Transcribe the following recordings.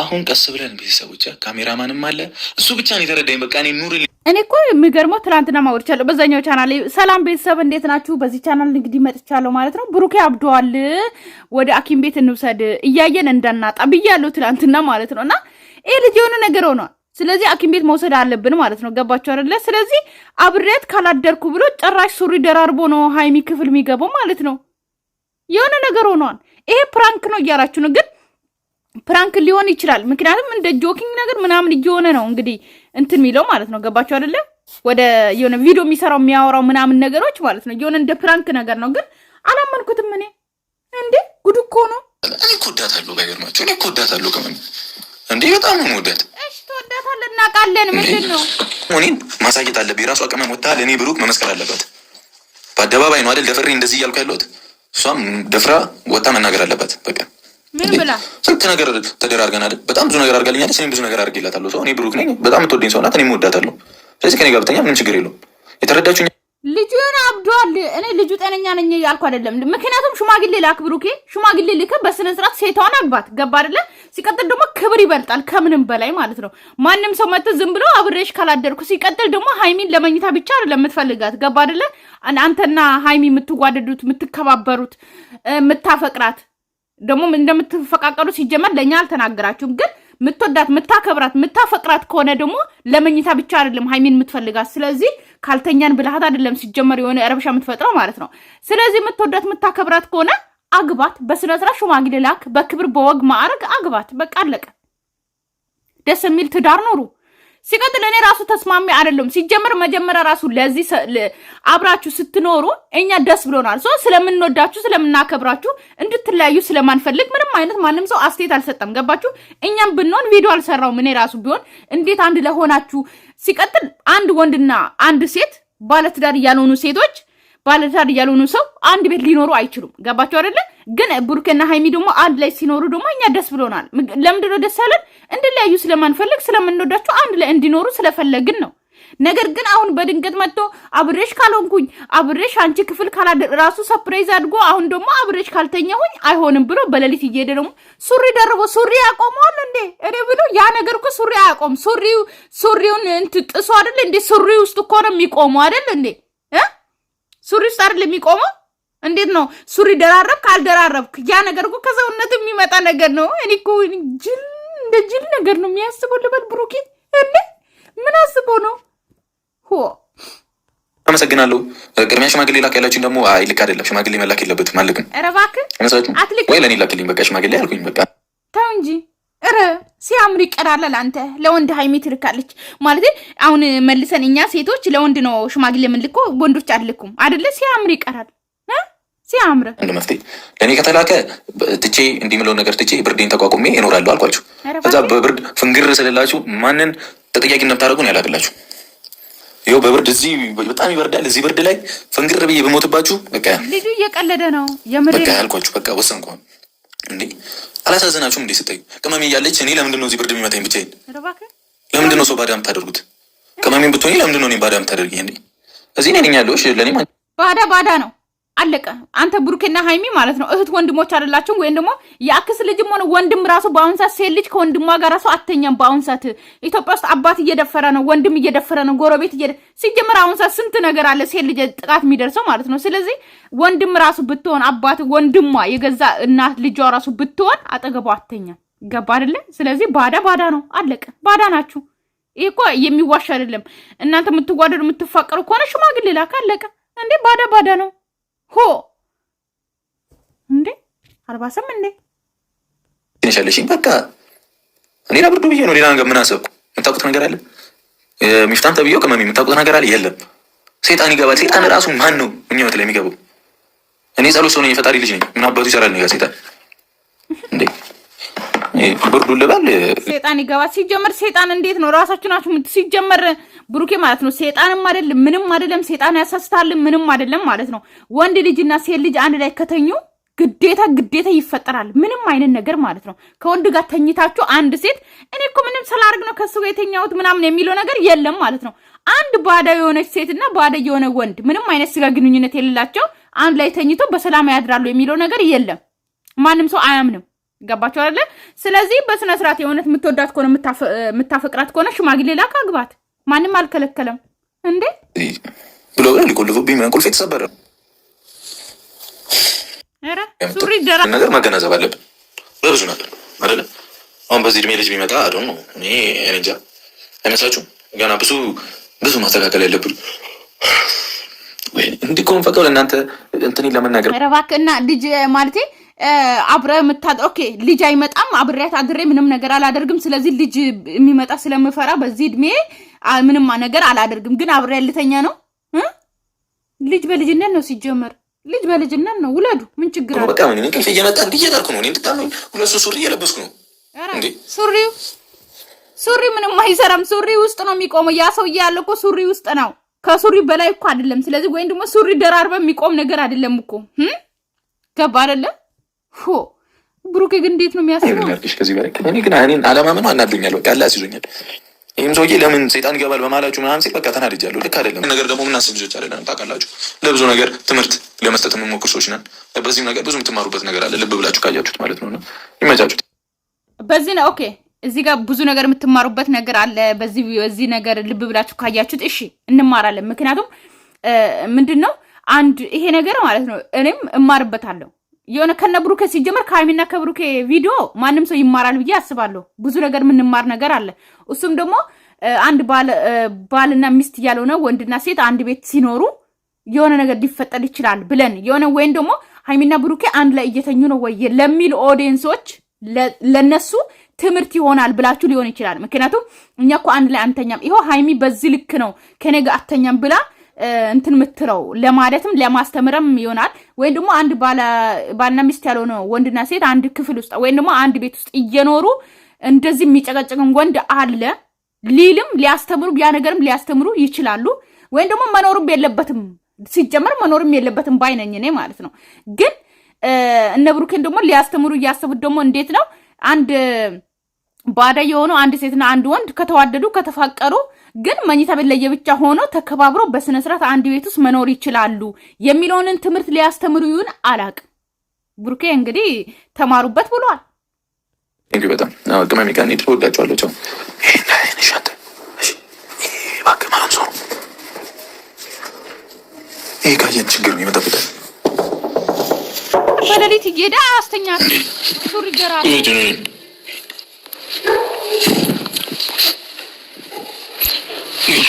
አሁን ቀስ ብለን ቤተሰቦች ካሜራማንም አለ እሱ ብቻ ነው የተረዳኝ። በቃ እኔ ኑር እኔ እኮ የሚገርመው ትናንትና ማወርቻለሁ በዛኛው ቻናል። ሰላም ቤተሰብ እንዴት ናችሁ? በዚህ ቻናል እንግዲህ መጥቻለሁ ማለት ነው። ብሩኬ አብደዋል፣ ወደ ሐኪም ቤት እንውሰድ እያየን እንዳናጣ ብያለሁ ትናንትና ማለት ነው። እና ይህ ልጅ የሆነ ነገር ሆኗል። ስለዚህ ሐኪም ቤት መውሰድ አለብን ማለት ነው። ገባችሁ አይደለ? ስለዚህ አብሬት ካላደርኩ ብሎ ጭራሽ ሱሪ ደራርቦ ነው ሀይሚ ክፍል የሚገባው ማለት ነው። የሆነ ነገር ሆኗል። ይሄ ፕራንክ ነው እያላችሁ ነው ግን ፕራንክ ሊሆን ይችላል። ምክንያቱም እንደ ጆኪንግ ነገር ምናምን እየሆነ ነው እንግዲህ እንትን የሚለው ማለት ነው። ገባቸው አይደለ? ወደ የሆነ ቪዲዮ የሚሰራው የሚያወራው ምናምን ነገሮች ማለት ነው። የሆነ እንደ ፕራንክ ነገር ነው፣ ግን አላመንኩትም። እኔ እንዴ ጉድ እኮ ነው። እኔ እኮ ወዳታለሁ፣ ባይገርማቸው፣ እኔ እኮ ወዳታለሁ። ከምን እንዴ በጣም ነው ወዳት። እሺ ትወዳታለህ፣ እናውቃለን። ምንድን ነው እኔን ማሳየት አለብኝ። የራሱ አቅመ ወታል እኔ ብሩክ መመስከር አለበት። በአደባባይ ነው አይደል ደፍሬ እንደዚህ እያልኩ ያለሁት። እሷም ደፍራ ወጣ መናገር አለበት። በቃ ስልክ ነገር ተደራርገን አይደል? በጣም ብዙ ነገር አድርጋልኛለች። እኔም ብዙ ነገር አድርጌላታለሁ። ሰው እኔ ብሩክ ነኝ። በጣም የምትወደኝ ሰው ናት። እኔም እወዳታለሁ። ስለዚህ ከኔ ጋር ብተኛ ምንም ችግር የለውም። የተረዳችሁ ልጁ የሆነ አብዷል። እኔ ልጁ ጤነኛ ነኝ ያልኩ አይደለም። ምክንያቱም ሽማግሌ ላክ ብሩኬ፣ ሽማግሌ ልክ በስነ ስርዓት ሴቷን አግባት። ገባ አይደለ? ሲቀጥል ደግሞ ክብር ይበልጣል ከምንም በላይ ማለት ነው። ማንም ሰው መጥቶ ዝም ብሎ አብሬሽ ካላደርኩ። ሲቀጥል ደግሞ ሃይሚን ለመኝታ ብቻ አይደለም የምትፈልጋት። ገባ አይደለ? አንተና ሃይሚ የምትጓደዱት፣ የምትከባበሩት፣ የምታፈቅራት ደግሞ እንደምትፈቃቀሉ ሲጀመር ለእኛ አልተናገራችሁም። ግን ምትወዳት ምታከብራት ምታፈቅራት ከሆነ ደግሞ ለመኝታ ብቻ አይደለም ሀይሚን የምትፈልጋት። ስለዚህ ካልተኛን ብልሃት አይደለም ሲጀመር የሆነ ረብሻ የምትፈጥረው ማለት ነው። ስለዚህ ምትወዳት ምታከብራት ከሆነ አግባት፣ በስነስርዓት ሽማግሌ ላክ፣ በክብር በወግ ማዕረግ አግባት። በቃ አለቀ። ደስ የሚል ትዳር ኖሩ። ሲቀጥል እኔ ራሱ ተስማሚ አይደለም። ሲጀመር መጀመሪያ ራሱ ለዚህ አብራችሁ ስትኖሩ እኛ ደስ ብሎናል። ስለምንወዳችሁ ስለምናከብራችሁ እንድትለያዩ ስለማንፈልግ ምንም አይነት ማንም ሰው አስተያየት አልሰጠም። ገባችሁ? እኛም ብንሆን ቪዲዮ አልሰራውም። እኔ ራሱ ቢሆን እንዴት አንድ ለሆናችሁ። ሲቀጥል አንድ ወንድና አንድ ሴት ባለትዳር ያልሆኑ ሴቶች ባለትዳር ያልሆኑ ሰው አንድ ቤት ሊኖሩ አይችሉም። ገባቸው አይደለ? ግን ብሩኬና ሀይሚ ደግሞ አንድ ላይ ሲኖሩ ደግሞ እኛ ደስ ብሎናል። ነው ደስ ያለን? እንድለያዩ ስለማንፈልግ ስለምንወዳቸው አንድ ላይ እንዲኖሩ ስለፈለግን ነው። ነገር ግን አሁን በድንገት መጥቶ አብሬሽ ካልሆንኩኝ አብሬሽ አንቺ ክፍል ካላደር ራሱ ሰፕራይዝ አድጎ አሁን ደግሞ አብሬሽ ካልተኛሁኝ አይሆንም ብሎ በሌሊት እየሄደ ደግሞ ሱሪ ደርቦ ሱሪ ያቆመዋል እንዴ? እኔ ብሎ ያ ነገር እኮ ሱሪ አያቆም ሱሪው ሱሪውን እንትን ጥሶ አይደል እንዴ? ሱሪ ውስጥ እኮ ነው የሚቆመው አይደል እንዴ? ሱሪ ውስጥ አይደል የሚቆመው? እንዴት ነው ሱሪ ደራረብክ አልደራረብክ? ያ ነገር እኮ ከሰውነት የሚመጣ ነገር ነው። እኔ እኮ ጅል እንደ ጅል ነገር ነው የሚያስበው ልበል። ብሩኬ እንዴ ምን አስበው ነው ሆ አመሰግናለሁ። ቅድሚያ ሽማግሌ ላክ ያላችን ደግሞ አይ ልክ አይደለም። ሽማግሌ መላክ የለበትም አልክም። ኧረ እባክህ አትልክ ወይ ለእኔ ላክልኝ። በቃ ሽማግሌ አልኩኝ። በቃ ተው እንጂ እረ ሲያምር ይቀራላል። አንተ ለወንድ ሀይሜ ትልካለች ማለት አሁን መልሰን እኛ ሴቶች ለወንድ ነው ሽማግሌ የምንልኮ ወንዶች አልልኩም አደለ? ሲያምር ይቀራል። ሲያምር ለመፍትሄ ለእኔ ከተላከ ትቼ እንዲምለው ነገር ትቼ ብርዴን ተቋቁሜ እኖራለሁ አልኳችሁ። ከዛ በብርድ ፍንግር ስልላችሁ ማንን ተጠያቂ እንደምታደርጉን ያላቅላችሁ። ይኸው በብርድ እዚህ በጣም ይበርዳል። እዚህ ብርድ ላይ ፍንግር ብዬ ብሞትባችሁ በቃ ልጁ እየቀለደ ነው። የምር በቃ አልኳችሁ። በቃ ወሰንኩ እንዴ አላሳዘናችሁም እንዴ? ስታዩ ቅመሜ እያለች እኔ ለምንድን ነው እዚህ ብርድ የሚመታኝ? ብቻዬን ለምንድን ነው ሰው ባዳ የምታደርጉት? ቅመሜን ብትሆኝ ለምንድን ነው እኔ ባዳ የምታደርጊኝ? እዚህ ነኝ ለእኔ ባዳ ባዳ ነው አለቀ። አንተ ብሩኬና ሀይሚ ማለት ነው እህት ወንድሞች አይደላችሁም? ወይም ደግሞ የአክስ ልጅም ሆነ ወንድም ራሱ በአሁን ሰዓት ሴት ልጅ ከወንድሟ ጋር ራሱ አተኛም። በአሁን ሰዓት ኢትዮጵያ ውስጥ አባት እየደፈረ ነው፣ ወንድም እየደፈረ ነው፣ ጎረቤት እየ ሲጀምር አሁን ሰዓት ስንት ነገር አለ ሴት ልጅ ጥቃት የሚደርሰው ማለት ነው። ስለዚህ ወንድም ራሱ ብትሆን አባት ወንድሟ የገዛ እናት ልጇ ራሱ ብትሆን አጠገቧ አተኛም። ገባ አይደለ? ስለዚህ ባዳ ባዳ ነው። አለቀ። ባዳ ናችሁ። ይህ እኮ የሚዋሽ አይደለም። እናንተ የምትዋደዱ የምትፋቀሩ ከሆነ ሽማግሌ ላክ። አለቀ እንዴ! ባዳ ባዳ ነው። ሆ እንዴ አርባ እንዴ ትንሻለሽኝ በቃ ሌላ ብርዱ ብዬ ነው። ሌላ ነገር ምን አሰብኩ? የምታውቁት ነገር አለ ሚፍታን ተብዬው ቅመሜ የምታውቁት ነገር አለ የለም። ሴጣን ይገባል። ሴጣን ራሱ ማን ነው እኛ ወት ላይ የሚገባው? እኔ ጸሎት ሰው ነኝ፣ የፈጣሪ ልጅ ነኝ። ምን አባቱ ይሰራል ነው ሴጣን እንዴ? ብርዱ ልበል ሴጣን ይገባል። ሲጀመር ሴጣን እንዴት ነው ራሳችሁ ናችሁ ሲጀመር ብሩኬ ማለት ነው። ሴጣንም አይደለም ምንም አይደለም። ሴጣን ያሳስታል ምንም አይደለም ማለት ነው። ወንድ ልጅና ሴት ልጅ አንድ ላይ ከተኙ ግዴታ ግዴታ ይፈጠራል። ምንም አይነት ነገር ማለት ነው። ከወንድ ጋር ተኝታችሁ አንድ ሴት እኔ እኮ ምንም ስላርግ ነው ከሱ ጋር የተኛሁት ምናምን የሚለው ነገር የለም ማለት ነው። አንድ ባዳ የሆነች ሴትና ባዳ የሆነ ወንድ ምንም አይነት ስጋ ግንኙነት የሌላቸው አንድ ላይ ተኝቶ በሰላም ያድራሉ የሚለው ነገር የለም። ማንም ሰው አያምንም። ገባቸው አይደለ? ስለዚህ በስነስርዓት የእውነት የምትወዳት ከሆነ የምታፈቅራት ከሆነ ሽማግሌ ላክ አግባት። ማንም አልከለከለም እንዴ ብሎ ግን ሊቆልፉብኝ ምናምን ቁልፍ የተሰበረ ነገር መገናዘብ አለብን በብዙ ነገር አይደለ አሁን በዚህ እድሜ ልጅ ቢመጣ ደግሞ እኔ እንጃ አይመስላችሁም? ገና ብዙ ብዙ ማስተካከል ያለብን እንዲህ ፈቀው ለእናንተ እንትን ለመናገር ረባክ እና ልጅ ማለቴ አብረ ምታ ኦኬ ልጅ አይመጣም አብሬያት አድሬ ምንም ነገር አላደርግም። ስለዚህ ልጅ የሚመጣ ስለምፈራ በዚህ እድሜ ምንም ነገር አላደርግም፣ ግን አብሬ ያልተኛ ነው። ልጅ በልጅነት ነው ሲጀመር ልጅ በልጅነት ነው። ውለዱ፣ ምን ችግር አለ? በቃ ምን እንቅልፍ እየመጣ እያደረኩ ነው። ሁለቱ ሱሪ እየለበስኩ ነው። ሱሪው ሱሪ ምንም አይሰራም። ሱሪ ውስጥ ነው የሚቆመው። ያ ሰው ያለ እኮ ሱሪ ውስጥ ነው። ከሱሪ በላይ እኮ አይደለም። ስለዚህ ወይም ደግሞ ሱሪ ደራርበ የሚቆም ነገር አይደለም እኮ ገባ አይደለም። ብሩኬ ግን እንዴት ነው የሚያስበው? ከዚህ በላይ እኔ ግን አለማመኑ አናዶኛል። በቃ አለ ይህም ሰውዬ ለምን ሰይጣን ይገባል በማላችሁ ምናምን ሲል በቃ ተናድጃለሁ። ልክ አይደለም ነገር ደግሞ ምናስብ ልጆች አይደለም። ታውቃላችሁ፣ ለብዙ ነገር ትምህርት ለመስጠት የምንሞክር ሰዎች ነን። በዚህም ነገር ብዙ የምትማሩበት ነገር አለ፣ ልብ ብላችሁ ካያችሁት ማለት ነው። ይመቻችሁት። በዚህ ነው ኦኬ። እዚህ ጋር ብዙ ነገር የምትማሩበት ነገር አለ። በዚህ በዚህ ነገር ልብ ብላችሁ ካያችሁት እሺ፣ እንማራለን። ምክንያቱም ምንድን ነው አንድ ይሄ ነገር ማለት ነው እኔም እማርበታለሁ የሆነ ከነ ብሩኬ ሲጀመር ከሀይሚና ከብሩኬ ቪዲዮ ማንም ሰው ይማራል ብዬ አስባለሁ። ብዙ ነገር የምንማር ነገር አለ። እሱም ደግሞ አንድ ባልና ሚስት እያልሆነ ወንድና ሴት አንድ ቤት ሲኖሩ የሆነ ነገር ሊፈጠር ይችላል ብለን የሆነ ወይም ደግሞ ሀይሚና ብሩኬ አንድ ላይ እየተኙ ነው ወይ ለሚል ኦዲየንሶች ለነሱ ትምህርት ይሆናል ብላችሁ ሊሆን ይችላል። ምክንያቱም እኛ እኮ አንድ ላይ አንተኛም፣ ይኸው ሀይሚ በዚህ ልክ ነው ከኔ ጋር አተኛም ብላ እንትን ምትለው ለማለትም ለማስተምረም ይሆናል። ወይም ደግሞ አንድ ባልና ሚስት ያልሆነ ወንድና ሴት አንድ ክፍል ውስጥ ወይም ደግሞ አንድ ቤት ውስጥ እየኖሩ እንደዚህ የሚጨቀጭቅም ወንድ አለ ሊልም ሊያስተምሩ ያ ነገርም ሊያስተምሩ ይችላሉ። ወይም ደግሞ መኖርም የለበትም ሲጀመር መኖርም የለበትም ባይነኝ እኔ ማለት ነው። ግን እነ ብሩኬን ደግሞ ሊያስተምሩ እያሰቡት ደግሞ እንዴት ነው አንድ ባዳ የሆኑ አንድ ሴትና አንድ ወንድ ከተዋደዱ ከተፋቀሩ ግን መኝታ ቤት ለየብቻ ሆኖ ተከባብሮ በስነ ስርዓት አንድ ቤት ውስጥ መኖር ይችላሉ የሚለውንን ትምህርት ሊያስተምሩ ይሁን አላቅ። ብሩኬ እንግዲህ ተማሩበት ብሏል። በጣም ቅመሚ ቀን ጥሩላቸዋለቸው ይሄ ካየን ችግር ነው ይመጣበታል። በሌሊት እየሄደ አስተኛ ሱሪ ገራ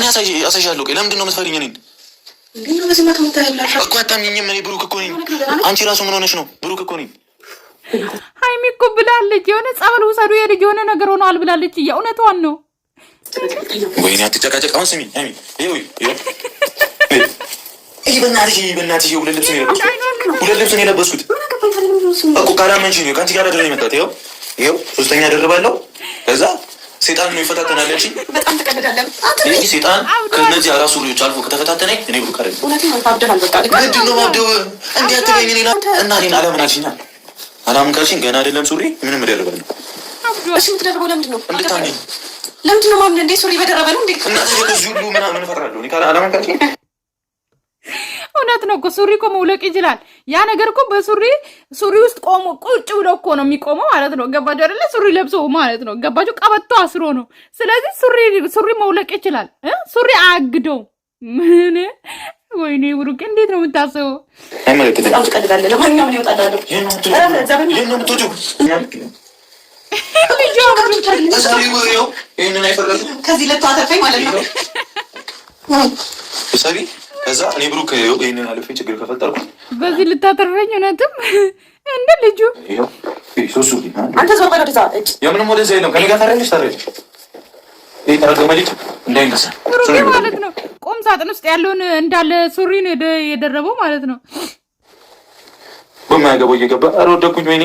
እኔ አሳይሻለሁ። ቆይ ለምንድን ነው የምትፈሪኝ? እኔን እኮ አታምኚኝም። እኔ ብሩክ እኮ ነኝ። አንቺ ራሱ ምን ሆነሽ ነው? ብሩክ እኮ ነኝ። ሀይሚ እኮ ብላለች፣ የሆነ ጸበል ውሰዱ የልጅ የሆነ ነገር ሆነዋል ብላለች። የእውነቷን ነው። ወይኔ አትጨቃጨቅ። አሁን ስሚ ይህ በእናትሽ በእናትሽ ሁለት ልብስ ሁለት ልብስ የለበስኩት እኮ ካላመንሽ ከአንቺ ጋር ድረን የመጣት ይኸው ይኸው ሶስተኛ ደርባለሁ ከዛ ሴጣን ነው የፈታተን አለች። በጣም ይህ ሴጣን ከነዚህ አራሱ ልጆች አልፎ ከተፈታተነ እኔ ብሩክ አለ እና እኔን አላምን አልሽኛል። አላምን ካልሽኝ ገና አይደለም ሱሪ ምንም ደርበል ነው። እሺ የምትደርበው ለምንድን ነው? ለምንድን ነው ማምን እንዴ ሱሪ በደረበ ነው እንዴ? እና ሁሉ ምናምን ፈራለሁ ካለ አላምን ካልሽኝ እውነት ነው እኮ ሱሪ እኮ መውለቅ ይችላል። ያ ነገር እኮ በሱሪ ሱሪ ውስጥ ቆሞ ቁጭ ብሎ እኮ ነው የሚቆመው ማለት ነው። ገባችሁ አይደለ? ሱሪ ለብሶ ማለት ነው። ገባችሁ? ቀበቶ አስሮ ነው። ስለዚህ ሱሪ ሱሪ መውለቅ ይችላል። ሱሪ አያግደው። ምን ወይኔ ብሩክ፣ እንዴት ነው የምታስበው? ከዚህ ልታተፈኝ ማለት ነው ከዛ እኔ ብሩክ ይሄንን አልፌ ችግር ከፈጠርኩ በዚህ ልታተርፈኝ እውነትም እንደ ልጁ የምንም ወደዛ የለም ከኔ ጋር ታረልሽ ታረልሽ ብሩኬ ማለት ነው። ቁም ሳጥን ውስጥ ያለውን እንዳለ ሱሪ ነው የደረበው ማለት ነው። በማያገባው እየገባ ኧረ ወደኩኝ ወይኔ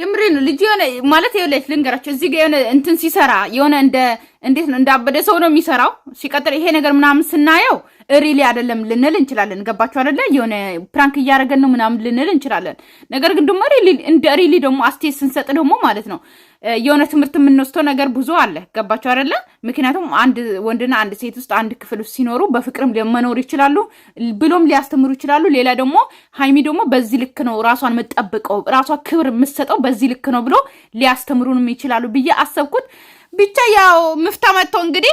የምሬ ነው። ልጅ የሆነ ማለት የለች ልንገራቸው እዚህ ጋር የሆነ እንትን ሲሰራ የሆነ እንደ እንዴት ነው እንዳበደ ሰው ነው የሚሰራው። ሲቀጥል ይሄ ነገር ምናምን ስናየው ሪሊ አይደለም ልንል እንችላለን። ገባችሁ አይደለ? የሆነ ፕራንክ እያደረገን ነው ምናምን ልንል እንችላለን። ነገር ግን ደግሞ እንደ ሪሊ ደግሞ አስቴ ስንሰጥ ደግሞ ማለት ነው የሆነ ትምህርት የምንወስተው ነገር ብዙ አለ። ገባቸው አይደለ? ምክንያቱም አንድ ወንድና አንድ ሴት ውስጥ አንድ ክፍል ውስጥ ሲኖሩ በፍቅርም መኖር ይችላሉ፣ ብሎም ሊያስተምሩ ይችላሉ። ሌላ ደግሞ ሀይሚ ደግሞ በዚህ ልክ ነው ራሷን የምጠብቀው ራሷ ክብር የምትሰጠው በዚህ ልክ ነው ብሎ ሊያስተምሩንም ይችላሉ ብዬ አሰብኩት። ብቻ ያው ምፍታ መጥተው እንግዲህ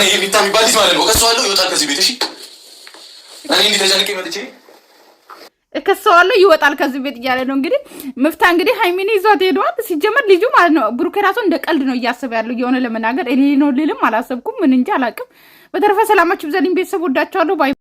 የሆነ የቤታ የሚባል ልጅ ማለት ነው። እከሰዋለሁ፣ ይወጣል ከዚህ ቤት። እሺ እኔ እንዲህ ተጨንቄ መጥቼ እከሰዋለሁ ይወጣል ከዚህ ቤት እያለ ነው እንግዲህ መፍታ እንግዲህ ሀይሚኔ ይዟት ሄደዋል። ሲጀመር ልጁ ማለት ነው ብሩኬ ራሱ እንደ ቀልድ ነው እያሰብ ያለው የሆነ ለመናገር እኔ ነው ልልም አላሰብኩም። ምን እንጂ አላውቅም። በተረፈ ሰላማችሁ ብዛልኝ ቤተሰብ ወዳቸዋለሁ።